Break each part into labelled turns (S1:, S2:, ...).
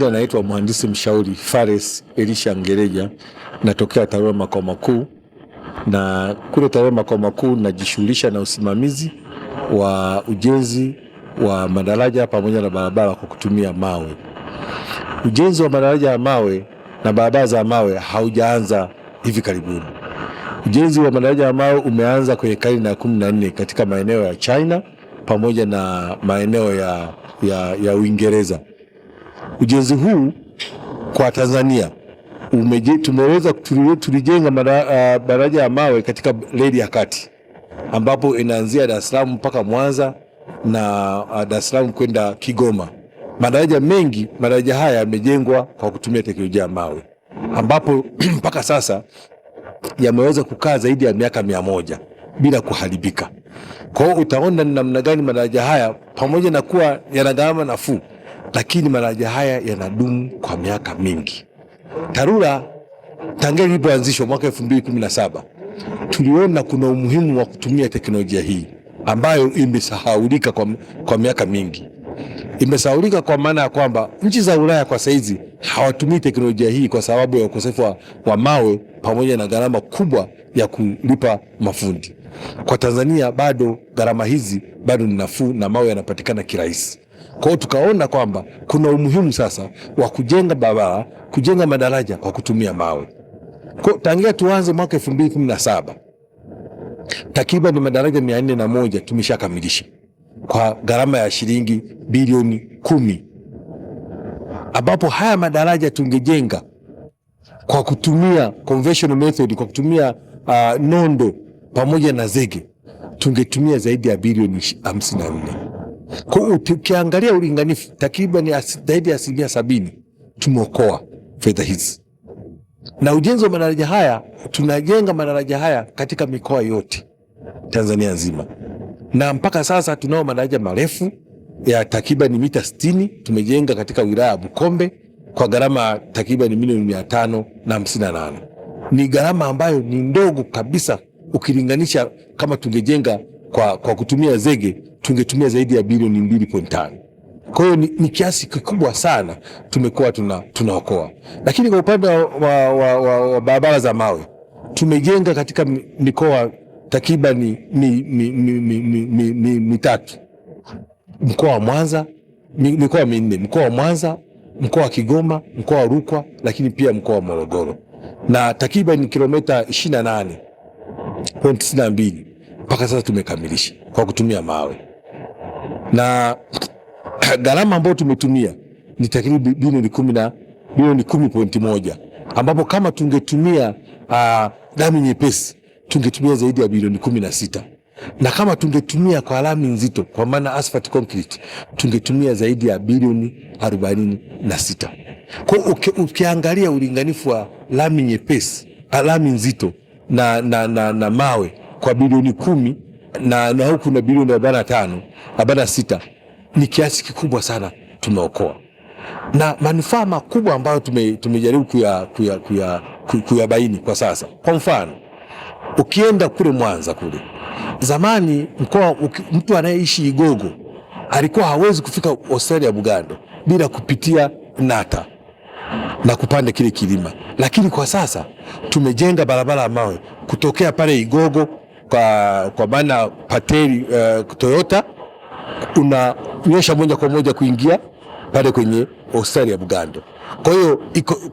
S1: majina anaitwa mhandisi mshauri Fares Elisha Ngereja, natokea TARURA makao makuu, na kule TARURA makao makuu najishughulisha na usimamizi wa ujenzi wa madaraja pamoja na barabara kwa kutumia mawe. Ujenzi wa madaraja ya mawe na barabara za mawe haujaanza hivi karibuni. Ujenzi wa madaraja ya mawe umeanza kwenye karne ya kumi na nne katika maeneo ya China pamoja na maeneo ya, ya, ya Uingereza Ujenzi huu kwa Tanzania umeje, tumeweza tulijenga daraja uh, ya mawe katika reli ya kati ambapo inaanzia Dar es Salaam mpaka Mwanza na uh, Dar es Salaam kwenda Kigoma. Madaraja mengi, madaraja haya yamejengwa kwa kutumia teknolojia ya mawe ambapo mpaka sasa yameweza kukaa zaidi ya miaka mia moja bila kuharibika. Kwa hiyo utaona ni namna gani madaraja haya pamoja na kuwa yana gharama nafuu lakini madaraja haya yanadumu kwa miaka mingi. TARURA tangia ilipoanzishwa mwaka 2017 tuliona kuna umuhimu wa kutumia teknolojia hii ambayo imesahaulika kwa, kwa miaka mingi imesahaulika kwa maana ya kwamba nchi za Ulaya kwa saizi hawatumii teknolojia hii kwa sababu ya ukosefu wa, wa mawe pamoja na gharama kubwa ya kulipa mafundi. Kwa Tanzania bado gharama hizi bado ni nafuu na mawe yanapatikana kirahisi kwao. tukaona kwamba kuna umuhimu sasa wa kujenga barabara, kujenga madaraja kwa kutumia mawe. Kwa tangia tuanze mwaka 2017 takriban madaraja moja tumeshakamilisha kwa gharama ya shilingi bilioni kumi, ambapo haya madaraja tungejenga kwa kutumia conventional method, kwa kutumia uh, nondo pamoja na zege tungetumia zaidi ya bilioni 54. Ukiangalia ulinganifu takriban zaidi ya asilimia sabini tumeokoa fedha hizi, na ujenzi wa madaraja haya, tunajenga madaraja haya katika mikoa yote Tanzania nzima, na mpaka sasa tunao madaraja marefu ya takriban mita sitini tumejenga katika wilaya ya Bukombe kwa gharama takriban milioni mia tano na hamsini na nane. Ni gharama ambayo ni ndogo kabisa ukilinganisha kama tungejenga kwa, kwa kutumia zege tungetumia zaidi ya bilioni mbili point tano. Kwa hiyo ni, ni kiasi kikubwa sana tumekuwa tunaokoa tuna, lakini kwa upande wa, wa, wa, wa barabara za mawe tumejenga katika mikoa takriban mi, mi, mi, mi, mi, mi, mi, mitatu mkoa wa Mwanza, mikoa minne, mkoa wa Mwanza, mkoa wa Kigoma, mkoa wa Rukwa, lakini pia mkoa wa Morogoro na takriban kilomita 28.92 mpaka sasa tumekamilisha kwa kutumia mawe na gharama ambayo tumetumia ni takriban bilioni kumi na bilioni kumi pointi moja ambapo kama tungetumia uh, lami nyepesi tungetumia zaidi ya bilioni kumi na sita na kama tungetumia kwa lami nzito kwa maana asphalt concrete tungetumia zaidi ya bilioni arobaini na sita. Kwa uke, ukiangalia ulinganifu wa lami nyepesi, ah, lami nzito na, na, na, na mawe kwa bilioni kumi na, na huku na bilioni arobaini na tano arobaini na sita ni kiasi kikubwa sana tumeokoa, na manufaa makubwa ambayo tume, tumejaribu kuyabaini kuya, kuya, kuya, kuya kwa sasa. Kwa mfano ukienda kule Mwanza kule zamani mkoa, mtu anayeishi Igogo alikuwa hawezi kufika hospitali ya Bugando bila kupitia Nata na kupanda kile kilima, lakini kwa sasa tumejenga barabara ya mawe kutokea pale Igogo kwa, kwa maana pateli uh, Toyota unanyosha moja kwa moja kuingia pale kwenye hospitali ya Bugando. Kwa hiyo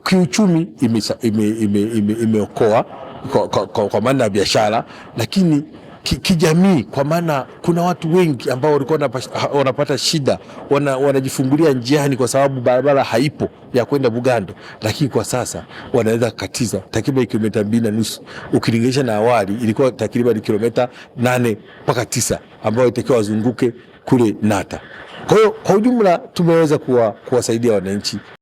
S1: kiuchumi imeokoa ime, ime, ime, ime kwa, kwa, kwa, kwa maana ya biashara, lakini kijamii, kwa maana kuna watu wengi ambao walikuwa wanapata shida, wana, wanajifungulia njiani kwa sababu barabara haipo ya kwenda Bugando, lakini kwa sasa wanaweza kukatiza takriban kilomita mbili na nusu ukilinganisha na awali ilikuwa takriban kilomita nane mpaka tisa ambao itakiwa wazunguke kule Nata. Kwa hiyo kwa ujumla tumeweza kuwasaidia wananchi.